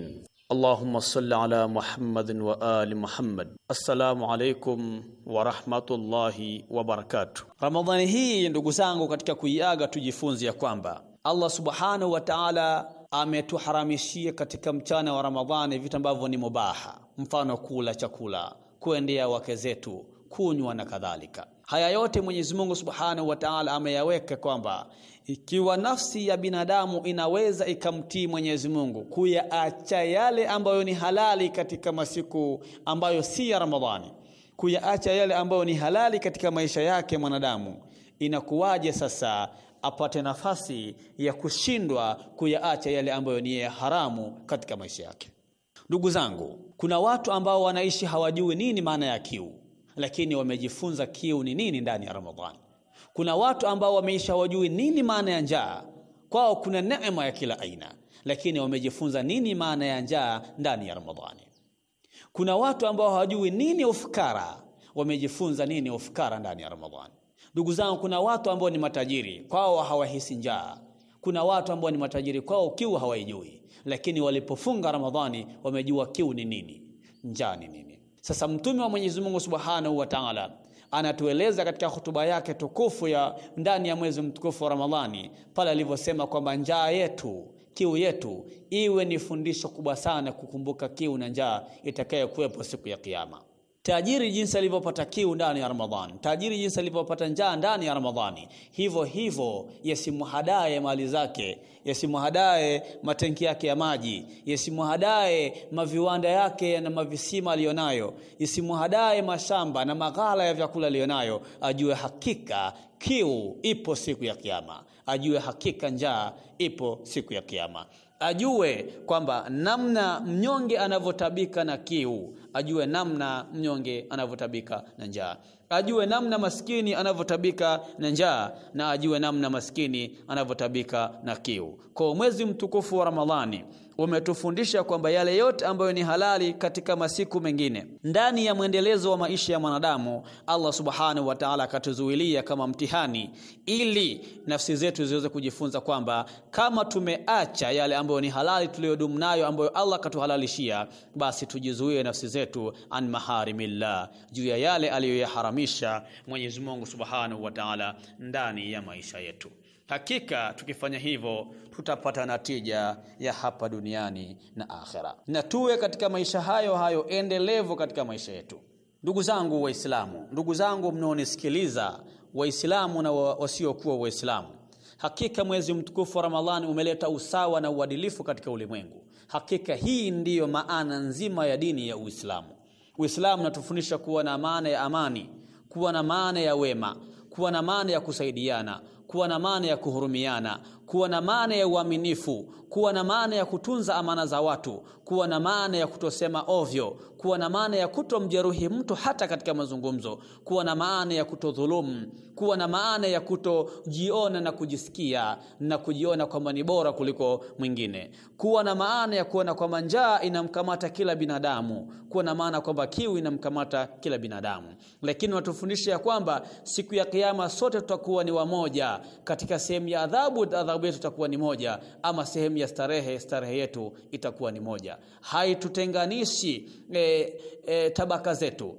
اللهم صل على محمد وآل محمد السلام عليكم warahmatullahi wabarakatu. Ramadhani hii ndugu zangu, katika kuiaga tujifunze ya kwamba Allah subhanahu wa taala ametuharamishia katika mchana wa Ramadhani vitu ambavyo ni mubaha mfano kula chakula, kuendea wake zetu, kunywa na kadhalika. Haya yote Mwenyezi Mungu Subhanahu wa Ta'ala ameyaweka kwamba ikiwa nafsi ya binadamu inaweza ikamtii Mwenyezi Mungu kuyaacha yale ambayo ni halali katika masiku ambayo si ya Ramadhani, kuyaacha yale ambayo ni halali katika maisha yake mwanadamu, inakuwaje sasa apate nafasi ya kushindwa kuyaacha yale ambayo ni ya haramu katika maisha yake? Ndugu zangu, kuna watu ambao wanaishi hawajui nini maana ya kiu, lakini wamejifunza kiu ni nini ndani ya Ramadhani. Kuna watu ambao wameishi hawajui nini maana ya njaa, kwao kuna neema ya kila aina, lakini wamejifunza nini maana ya njaa ndani ya Ramadhani. Kuna watu ambao hawajui nini ufukara, wamejifunza nini ufukara ndani ya Ramadhani. Ndugu zangu, kuna watu ambao ni matajiri, kwao hawahisi njaa. Kuna watu ambao ni matajiri, kwao kiu hawaijui lakini walipofunga Ramadhani wamejua kiu ni nini, njaa ni nini. Sasa Mtume wa Mwenyezi Mungu Subhanahu wa Ta'ala anatueleza katika hotuba yake tukufu ya ndani ya mwezi mtukufu wa Ramadhani pale alivyosema kwamba njaa yetu kiu yetu iwe ni fundisho kubwa sana kukumbuka kiu na njaa itakayokuwepo siku ya Kiyama. Tajiri jinsi alivyopata kiu ndani ya Ramadhani, tajiri jinsi alivyopata njaa ndani ya Ramadhani, hivyo hivyo yasimuhadae mali zake, yasimuhadae matenki yake ya maji, yasimuhadae maviwanda yake na mavisima aliyonayo, isimuhadae mashamba na maghala ya vyakula aliyonayo. Ajue hakika kiu ipo siku ya Kiyama, ajue hakika njaa ipo siku ya Kiyama ajue kwamba namna mnyonge anavyotabika na kiu, ajue namna mnyonge anavyotabika na njaa, ajue namna maskini anavyotabika na njaa, na ajue namna maskini anavyotabika na kiu. Kwa mwezi mtukufu wa Ramadhani umetufundisha kwamba yale yote ambayo ni halali katika masiku mengine ndani ya mwendelezo wa maisha ya mwanadamu Allah subhanahu wa ta'ala akatuzuilia kama mtihani ili nafsi zetu ziweze kujifunza kwamba kama tumeacha yale ambayo ni halali tuliyodumu nayo ambayo Allah katuhalalishia basi tujizuie nafsi zetu an maharimillah juu ya yale aliyoyaharamisha Mwenyezi Mungu subhanahu wa ta'ala ndani ya maisha yetu hakika tukifanya hivyo tutapata natija ya hapa duniani na akhera, na tuwe katika maisha hayo hayo endelevu katika maisha yetu. Ndugu zangu Waislamu, ndugu zangu mnaonisikiliza Waislamu na wasiokuwa Waislamu, hakika mwezi mtukufu wa Ramadhani umeleta usawa na uadilifu katika ulimwengu. Hakika hii ndiyo maana nzima ya dini ya Uislamu. Uislamu unatufundisha kuwa na maana ya amani, kuwa na maana ya wema, kuwa na maana ya kusaidiana, kuwa na maana ya kuhurumiana, kuwa na maana ya uaminifu kuwa na maana ya kutunza amana za watu, kuwa na maana ya kutosema ovyo, kuwa na maana ya kutomjeruhi mtu hata katika mazungumzo, kuwa na maana ya kutodhulumu, kuwa na maana ya kutojiona na kujisikia na kujiona kwamba ni bora kuliko mwingine, kuwa na maana ya kuona kwamba njaa inamkamata kila binadamu, kuwa na maana kwamba kiu inamkamata kila binadamu. Lakini watufundisha ya kwamba siku ya Kiyama sote tutakuwa ni wamoja katika sehemu ya adhabu, adhabu yetu itakuwa ni moja ama sehemu ya starehe starehe yetu itakuwa ni moja. Haitutenganishi e, e, tabaka zetu,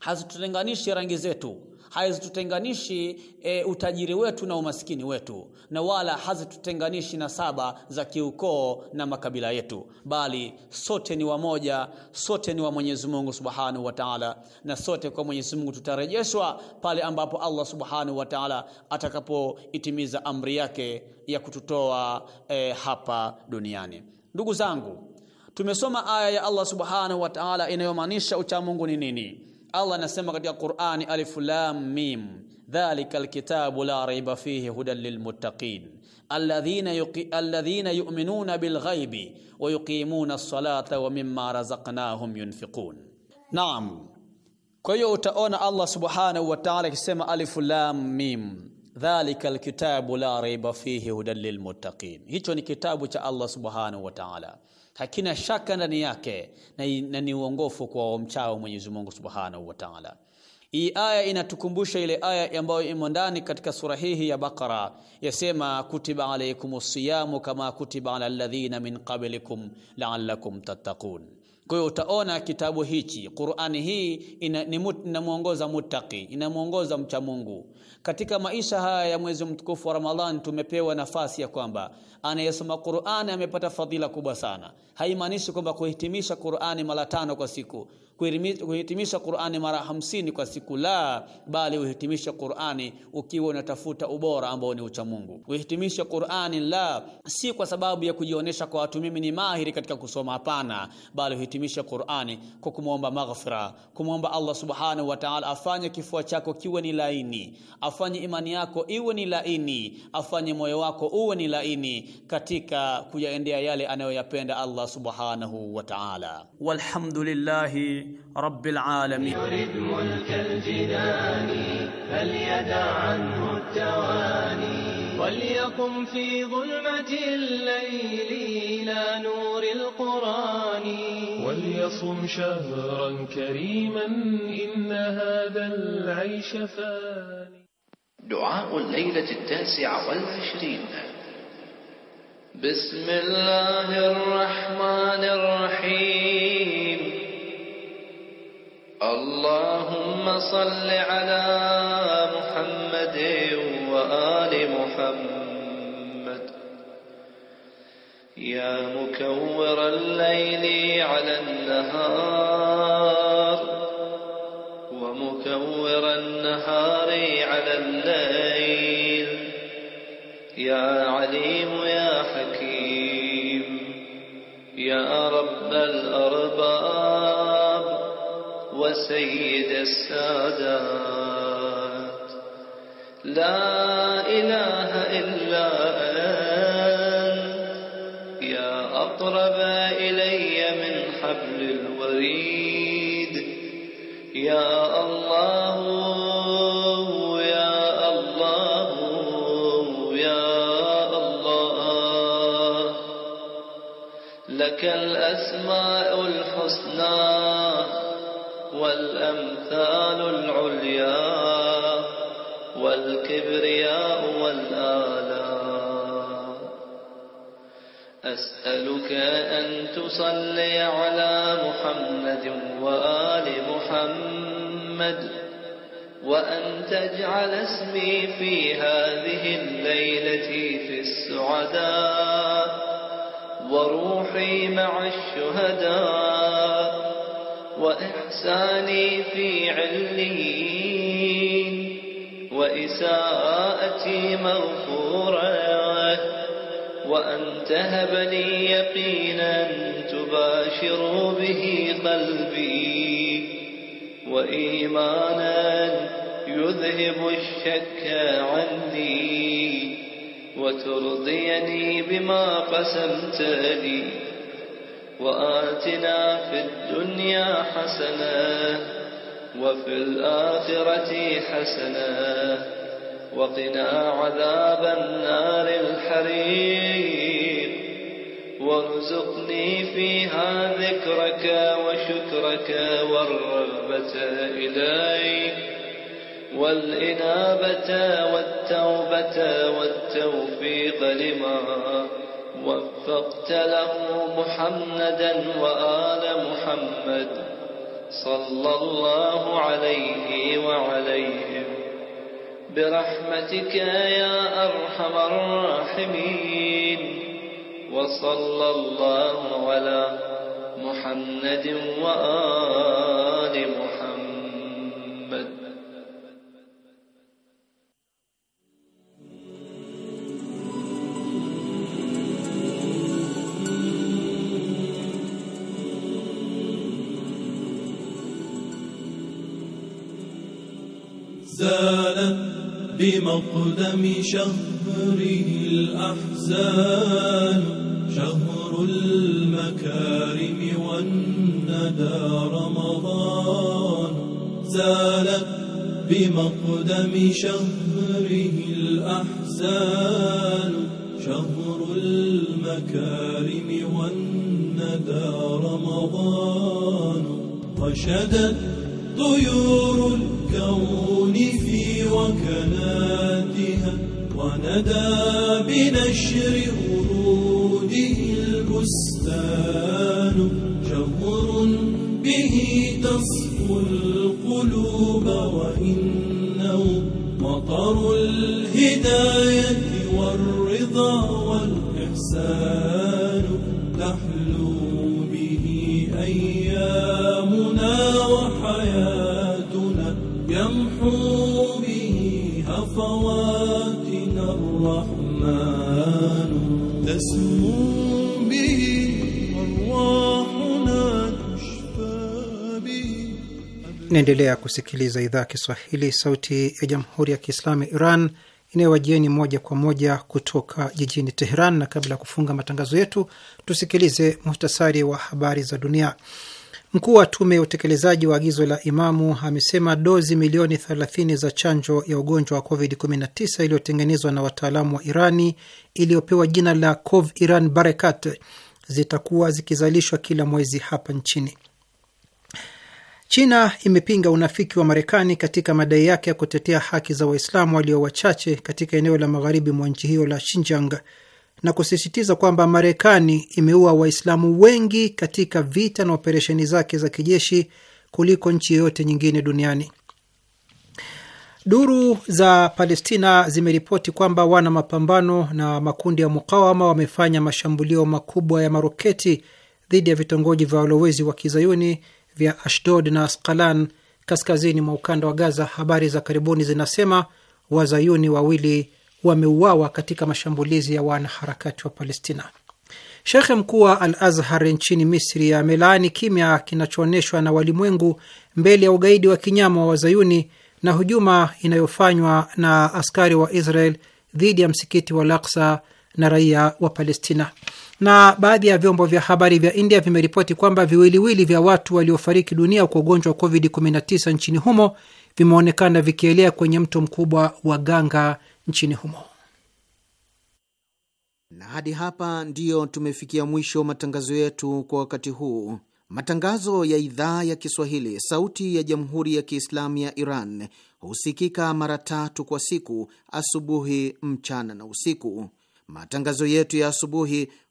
hazitutenganishi rangi zetu hazitutenganishi e, utajiri wetu na umaskini wetu na wala hazitutenganishi nasaba za kiukoo na makabila yetu bali sote ni wamoja sote ni wa Mwenyezi Mungu Subhanahu wa Ta'ala na sote kwa Mwenyezi Mungu tutarejeshwa pale ambapo Allah Subhanahu wa Ta'ala atakapoitimiza amri yake ya kututoa e, hapa duniani ndugu zangu tumesoma aya ya Allah Subhanahu wa Ta'ala inayomaanisha uchamungu ni nini Allah anasema katika Qur'ani, alif lam mim, dhalika alkitabu la raiba fihi hudan lilmuttaqin alladhina yuqi, alladhina yu'minuna bilghaibi wa yuqimuna as-salata wa mimma razaqnahum yunfiqun. Naam, kwa hiyo utaona Allah subhanahu wa ta'ala akisema alif lam mim dhalika alkitabu la raiba fihi hudan lilmuttaqin. Hicho ni kitabu cha Allah subhanahu wa ta'ala hakina shaka ndani yake na ni uongofu kwa wamchao Mwenyezi Mungu Subhanahu wa Ta'ala. Hii aya inatukumbusha ile aya ambayo imo ndani katika sura hii ya Bakara, yasema kutiba alaykumus siyamu kama kutiba ala alladhina min qablikum la'allakum tattaqun. Kwa hiyo utaona kitabu hichi Qur'ani hii inamwongoza muttaqi, inamwongoza mcha Mungu katika maisha haya ya mwezi mtukufu wa Ramadhani. Tumepewa nafasi ya kwamba anayesoma Qur'ani amepata fadhila kubwa sana. Haimaanishi kwamba kuhitimisha Qur'ani mara tano kwa siku kuhitimisha Qur'ani mara hamsini kwa siku, la bali uhitimishe Qur'ani ukiwa unatafuta ubora ambao ni ucha Mungu. Uhitimishe Qur'ani la si kwa sababu ya kujionyesha kwa watu, mimi ni mahiri katika kusoma, hapana, bali uhitimishe Qur'ani kwa kumwomba maghfira, kumwomba Allah subhanahu wa ta'ala afanye kifua chako kiwe ni laini, afanye imani yako iwe ni laini, afanye moyo wako uwe ni laini katika kuyaendea yale anayoyapenda Allah subhanahu wa ta'ala. Walhamdulillah رب العالمين يرد ملك الجنان فليدع عنه التواني وليقم في ظلمة الليل إلى نور القرآن وليصم شهرا كريما إن هذا العيش فاني دعاء الليلة التاسعة والعشرين بسم الله الرحمن الرحيم اللهم صل على محمد وآل محمد يا مكور الليل على النهار ومكور النهار على الليل يا عليم يا حكيم يا رب الأرباب وسيد السادات لا إله إلا أنت يا أقرب إلي من حبل الوريد يا الله لك الأسماء الحسنى والأمثال العليا والكبرياء والآلاء أسألك أن تصلي على محمد وآل محمد وأن تجعل اسمي في هذه الليلة في السعداء وروحي مع الشهداء وإحساني في علين وإساءتي مغفورة وأن تهب لي يقينا تباشر به قلبي وإيمانا يذهب الشك عني وترضيني بما قسمت لي وآتنا في الدنيا حسنة وفي الآخرة حسنة وقنا عذاب النار الحريق وارزقني فيها ذكرك وشكرك والرغبة إليك والإنابة والتوبة والتوفيق لما وفقت له محمدا وآل محمد صلى الله عليه وعليهم برحمتك يا أرحم الراحمين وصلى الله على محمد وآل محمد زالا بمقدم شهره الأحزان شهر المكارم والندى رمضان زال بمقدم شهره الأحزان شهر المكارم والندى رمضان وشدت طيور الكون في وكناتها وندى بنشر Unaendelea kusikiliza idhaa ya Kiswahili, sauti ya jamhuri ya kiislamu ya Iran inayowajieni moja kwa moja kutoka jijini Teheran. Na kabla ya kufunga matangazo yetu, tusikilize muhtasari wa habari za dunia. Mkuu wa tume ya utekelezaji wa agizo la Imamu amesema dozi milioni 30 za chanjo ya ugonjwa wa COVID-19 iliyotengenezwa na wataalamu wa Irani iliyopewa jina la Cov Iran Barakat zitakuwa zikizalishwa kila mwezi hapa nchini. China imepinga unafiki wa Marekani katika madai yake ya kutetea haki za Waislamu walio wachache katika eneo la magharibi mwa nchi hiyo la Xinjiang na kusisitiza kwamba Marekani imeua Waislamu wengi katika vita na operesheni zake za kijeshi kuliko nchi yoyote nyingine duniani. Duru za Palestina zimeripoti kwamba wana mapambano na makundi ya mukawama wamefanya mashambulio makubwa ya maroketi dhidi ya vitongoji vya walowezi wa kizayuni vya Ashdod na Askalan kaskazini mwa ukanda wa Gaza, habari za karibuni zinasema wazayuni wawili wameuawa katika mashambulizi ya wanaharakati wa Palestina. Shekhe mkuu wa Al Azhar nchini Misri amelaani kimya kinachoonyeshwa na walimwengu mbele ya ugaidi wa kinyama wa wazayuni na hujuma inayofanywa na askari wa Israel dhidi ya msikiti wa Laksa na raia wa Palestina na baadhi ya vyombo vya habari vya India vimeripoti kwamba viwiliwili vya watu waliofariki dunia kwa ugonjwa wa COVID-19 nchini humo vimeonekana vikielea kwenye mto mkubwa wa Ganga nchini humo. Na hadi hapa ndiyo tumefikia mwisho matangazo yetu kwa wakati huu. Matangazo ya idhaa ya Kiswahili, sauti ya jamhuri ya Kiislamu ya Iran husikika mara tatu kwa siku: asubuhi, mchana na usiku. Matangazo yetu ya asubuhi